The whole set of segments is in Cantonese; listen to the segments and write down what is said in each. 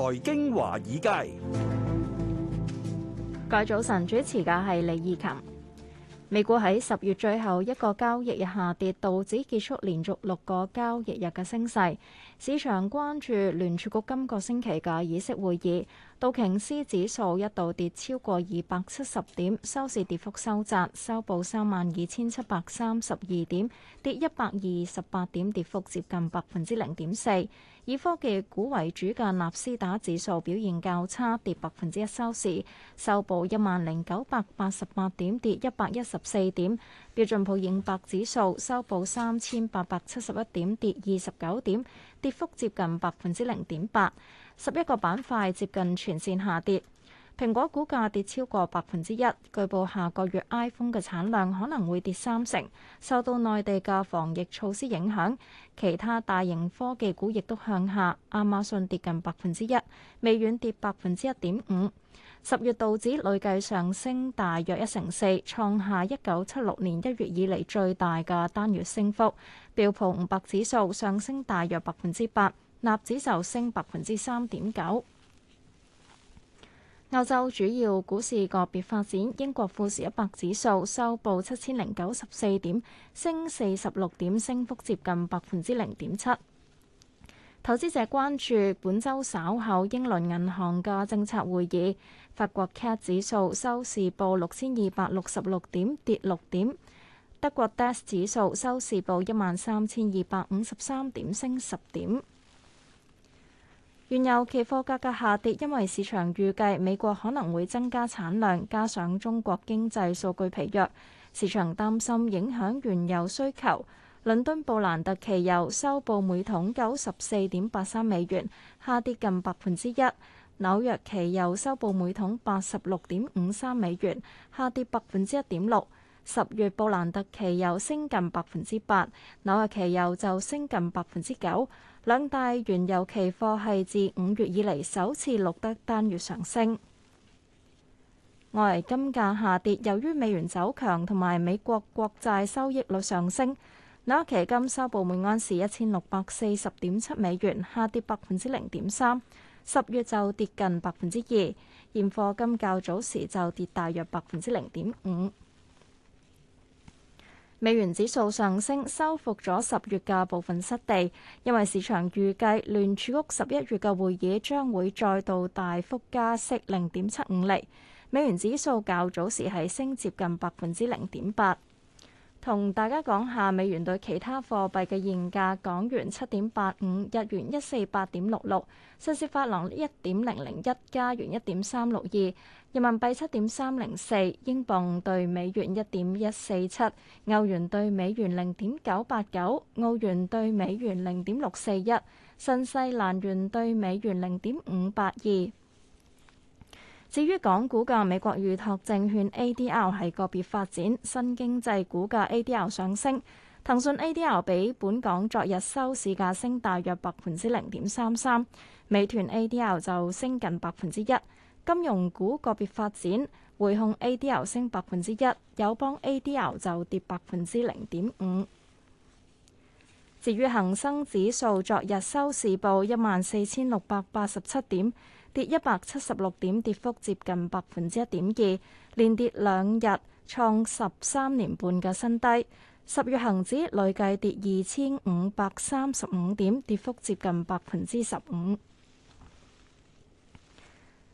財經華爾街，各位早晨，主持嘅係李義琴。美股喺十月最後一個交易日下跌，道指結束連續六個交易日嘅升勢。市場關注聯儲局今個星期嘅議息會議。道瓊斯指數一度跌超過二百七十點，收市跌幅收窄，收報三萬二千七百三十二點，跌一百二十八點，跌幅接近百分之零點四。以科技股為主嘅納斯達克指數表現較差，跌百分之一收市，收報一萬零九百八十八點，跌一百一十四點。標準普爾五百指數收報三千八百七十一點，跌二十九點，跌幅接近百分之零點八。十一個板塊接近全線下跌。蘋果股價跌超過百分之一，據報下個月 iPhone 嘅產量可能會跌三成，受到內地嘅防疫措施影響。其他大型科技股亦都向下，亞馬遜跌近百分之一，微軟跌百分之一點五。十月道指累計上升大約一成四，創下一九七六年一月以嚟最大嘅單月升幅。標普五百指數上升大約百分之八，納指就升百分之三點九。歐洲主要股市個別發展，英國富時一百指數收報七千零九十四點，升四十六點，升幅接近百分之零點七。投資者關注本周稍後英倫銀行嘅政策會議。法國 CAC 指數收市報六千二百六十六點，跌六點。德國 DAX 指數收市報一萬三千二百五十三點，升十點。原油期貨價格下跌，因為市場預計美國可能會增加產量，加上中國經濟數據疲弱，市場擔心影響原油需求。倫敦布蘭特期油收報每桶九十四點八三美元，下跌近百分之一；紐約期油收報每桶八十六點五三美元，下跌百分之一點六。十月布蘭特期油升近百分之八，紐約期油就升近百分之九，兩大原油期貨係自五月以嚟首次錄得單月上升。外圍金價下跌，由於美元走強同埋美國國債收益率上升，紐約期金收報每安士一千六百四十點七美元，下跌百分之零點三。十月就跌近百分之二，現貨金較早時就跌大約百分之零點五。美元指數上升，收復咗十月嘅部分失地，因為市場預計聯儲局十一月嘅會議將會再度大幅加息零點七五厘，美元指數較早時係升接近百分之零點八。同大家講下美元對其他貨幣嘅現價，港元七點八五，日元一四八點六六，瑞士法郎一點零零一，加元一點三六二，人民幣七點三零四，英鎊對美元一點一四七，歐元對美元零點九八九，澳元對美元零點六四一，新西蘭元對美元零點五八二。至於港股嘅美國預託證券 A.D.L 係個別發展，新經濟股嘅 A.D.L 上升，騰訊 A.D.L 比本港昨日收市價升大約百分之零點三三，美團 A.D.L 就升近百分之一。金融股個別發展，匯控 A.D.L 升百分之一，友邦 A.D.L 就跌百分之零點五。至於恒生指數，昨日收市報一萬四千六百八十七點。跌一百七十六點，跌幅接近百分之一點二，連跌兩日，創十三年半嘅新低。十月恒指累計跌二千五百三十五點，跌幅接近百分之十五。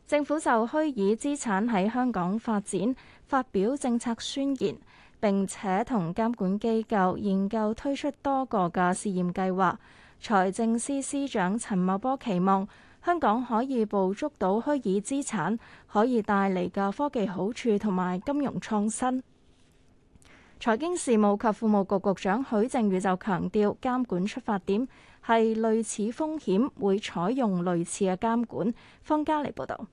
政府就虛擬資產喺香港發展發表政策宣言，並且同監管機構研究推出多個嘅試驗計劃。財政司司長陳茂波期望，香港可以捕捉到虛擬資產可以帶嚟嘅科技好處同埋金融創新。財經事務及庫務局局長許正宇就強調，監管出發點係類似風險，會採用類似嘅監管。方嘉麗報導。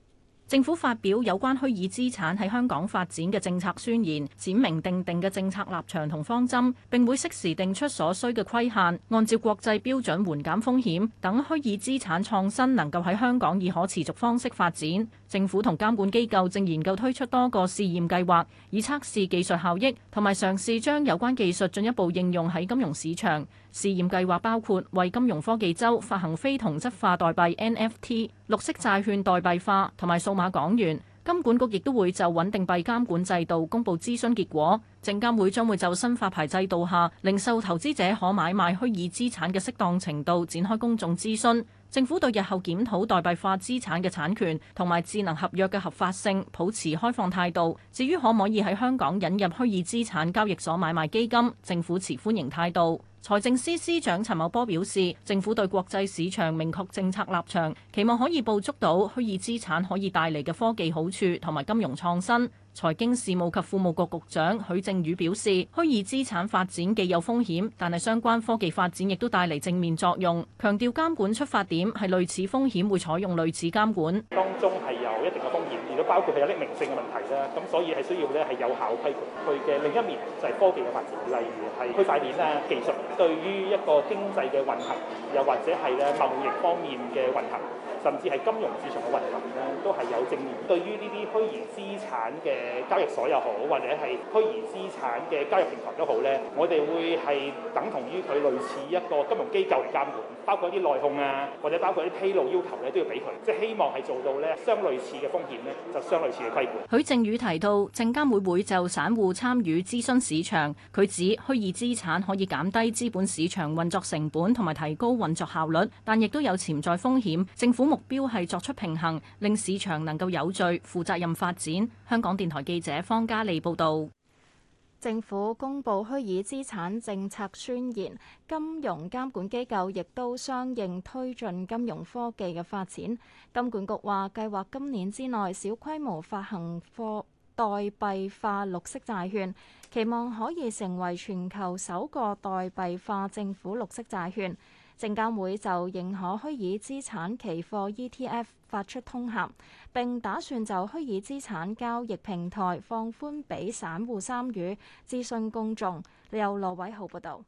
政府發表有關虛擬資產喺香港發展嘅政策宣言，展明定定嘅政策立場同方針，並會適時定出所需嘅規限，按照國際標準緩減風險，等虛擬資產創新能夠喺香港以可持續方式發展。政府同監管機構正研究推出多個試驗計劃，以測試技術效益，同埋嘗試將有關技術進一步應用喺金融市場。試驗計劃包括為金融科技周發行非同質化代幣 NFT、綠色債券代幣化，同埋數碼港元。金管局亦都會就穩定幣監管制度公佈諮詢結果。證監會將會就新發牌制度下零售投資者可買賣虛擬資產嘅適當程度，展開公眾諮詢。政府對日後檢討代幣化資產嘅產權同埋智能合約嘅合法性，保持開放態度。至於可唔可以喺香港引入虛擬資產交易所買賣基金，政府持歡迎態度。財政司司長陳茂波表示，政府對國際市場明確政策立場，期望可以捕捉到虛擬資產可以帶嚟嘅科技好處同埋金融創新。財經事務及庫務局局長許正宇表示，虛擬資產發展既有風險，但係相關科技發展亦都帶嚟正面作用，強調監管出發點係類似風險會採用類似監管，當中係有一定嘅。包括係有啲匿名性嘅問題啦，咁所以係需要咧，係有效規管佢。嘅另一面就係科技嘅發展，例如係區塊鏈啊技術對於一個經濟嘅運行，又或者係咧貿易方面嘅運行。甚至係金融市場嘅運行咧，都係有正面。對於呢啲虛擬資產嘅交易所又好，或者係虛擬資產嘅交易平台都好咧，我哋會係等同於佢類似一個金融機構嚟監管，包括一啲內控啊，或者包括一啲披露要求咧，都要俾佢。即係希望係做到咧，相類似嘅風險咧，就相類似嘅規管。許正宇提到，證監會會就散戶參與諮詢市場。佢指虛擬資產可以減低資本市場運作成本同埋提高運作效率，但亦都有潛在風險。政府。目標係作出平衡，令市場能夠有序、負責任發展。香港電台記者方嘉莉報導，政府公布虛擬資產政策宣言，金融監管機構亦都相應推進金融科技嘅發展。金管局話，計劃今年之內小規模發行貨代幣化綠色債券，期望可以成為全球首個代幣化政府綠色債券。證監會就認可虛擬資產期貨 ETF 發出通函，並打算就虛擬資產交易平台放寬俾散戶參與，諮詢公眾。由羅偉豪報道。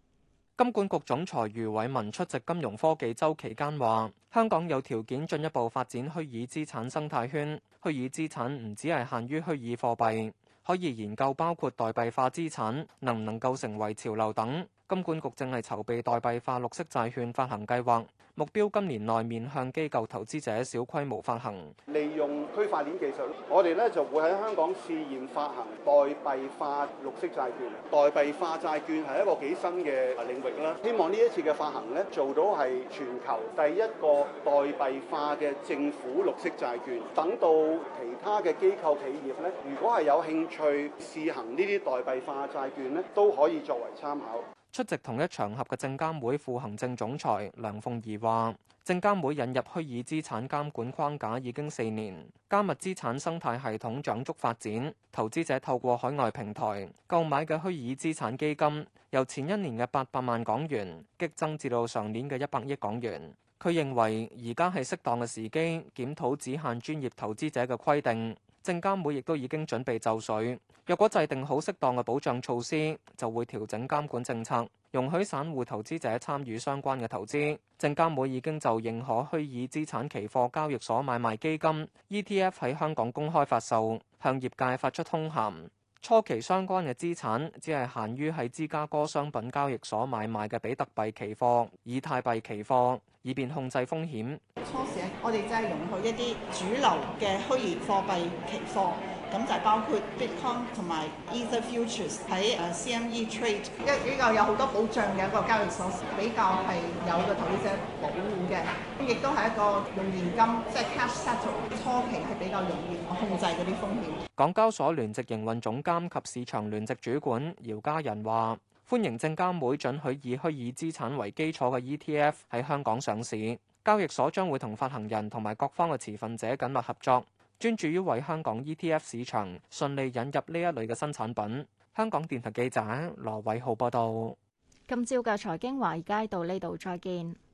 金管局總裁余偉文出席金融科技週期間話：香港有條件進一步發展虛擬資產生態圈。虛擬資產唔只係限於虛擬貨幣。可以研究包括代幣化資產，能唔能夠成為潮流等，金管局正係籌備代幣化綠色債券發行計劃。目標今年內面向機構投資者小規模發行，利用區塊鏈技術，我哋咧就會喺香港試驗發行代幣化綠色債券。代幣化債券係一個幾新嘅領域啦，希望呢一次嘅發行咧做到係全球第一個代幣化嘅政府綠色債券。等到其他嘅機構企業咧，如果係有興趣試行呢啲代幣化債券咧，都可以作為參考。出席同一場合嘅證監會副行政總裁梁鳳儀話，證監會引入虛擬資產監管框架已經四年，加密資產生態系統長足發展，投資者透過海外平台購買嘅虛擬資產基金，由前一年嘅八百萬港元激增至到上年嘅一百億港元。佢認為而家係適當嘅時機檢討只限專業投資者嘅規定。證監會亦都已經準備就緒，若果制定好適當嘅保障措施，就會調整監管政策，容許散戶投資者參與相關嘅投資。證監會已經就認可虛擬資產期貨交易所買賣基金、ETF 喺香港公開發售，向業界發出通函。初期相關嘅資產只係限於喺芝加哥商品交易所買賣嘅比特幣期貨、以太幣期貨，以便控制風險。初時我哋就係容許一啲主流嘅虛擬貨幣期貨。咁就係包括 Bitcoin 同埋 Ether Futures 喺誒 CME Trade，依個有好多保障嘅一個交易所，比較係有個投資者保護嘅，亦都係一個用現金，即係 cash settle 初期係比較容易控制嗰啲風險。港交所聯席營運總監及市場聯席主管姚嘉仁話：歡迎證監會准許以虛擬資產為基礎嘅 ETF 喺香港上市，交易所將會同發行人同埋各方嘅持份者緊密合作。專注於為香港 ETF 市場順利引入呢一類嘅新產品。香港電台記者羅偉浩報道。今朝嘅財經華爾街到呢度，再見。